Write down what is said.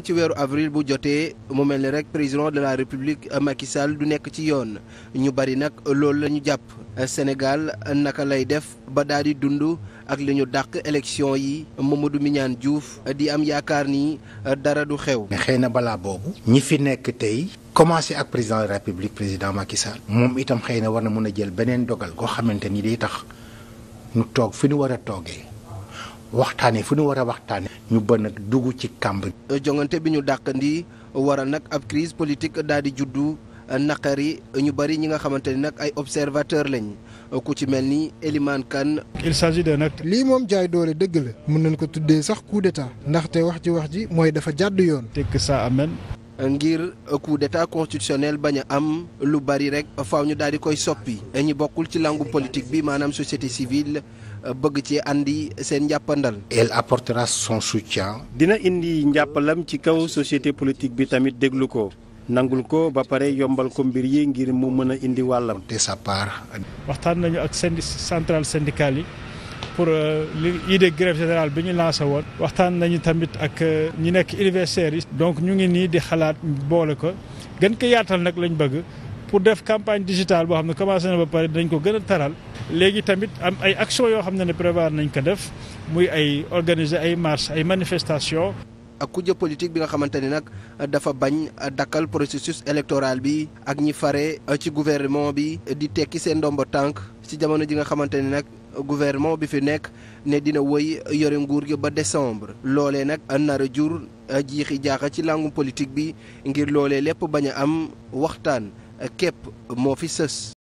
ci weeru avril bu jotee mu mel ni rek président de la république euh, Macky Sall du nekk ci yoon ñu bari nag loolu la ñu jàpp euh, Sénégal naka lay def ba daal di dund ak li ñu dàq élection yi Mamadou Mignane juuf euh, di am yaakaar ni dara du xew. mais xëy na balaa boobu. ñi fi nekk tey. commencé ak président de la république président Macky Sall. moom itam xëy na war na mën a jël beneen dogal koo xamante ni day tax ñu toog fi ñu war a toogee. waxtaanee fu nu war a waxtaanee. ñu ba nag dugg ci kàmb. jongante bi ñu dàqandi waral nag ab crise politique daal di juddu naqari ñu bari ñi nga xamante ni nag ay observateur lañ ku ci mel ni Eliman Kane. il s'agit lii moom jaay doole dëgg la. mën nañ ko tuddee sax coup d'état. ndaxte wax ji wax ji mooy dafa jàdd yoon. tekk ça amène. ngir coup d'état constitutionnel bañ a am lu bari rek faw ñu daal di koy soppi ñi bokkul ci langue politique bi maanaam société civile bëgg ci andi seen njàppandal. elle apportera son soutien. dina indi njàppalam ci kaw société politique bi tamit déglu ko. nangul ko ba pare yombal ko mbir yi ngir mu mën a indi wàllam. de sa waxtaan nañu ak sendi centrale syndicale yi. pour euh, l'idée grève générale bi ñu lancé woon waxtaan nañu tamit ak euh, ñi nekk universitaires yi donc ñu ngi nii di xalaat boole ko gën ko yaatal nag lañ bëgg pour def campagne digitale boo xam ne commencé na ba pare dinañ ko gën taral léegi tamit am ay action yoo xam ne ne prévoir nañ ko def muy ay organiser ay marche ay manifestation ak kujje politique bi nga xamante ni nag dafa bañ dakkal processus électoral bi ak ñi fare ci gouvernement bi di tekki seen gouvernement bi fi nekk ne dina woy yore nguur gi ba décembre loolee nag nar a jur jiixi jaaxa ci langu politique bi ngir loole lépp bañ a am waxtaan képp moo fi sës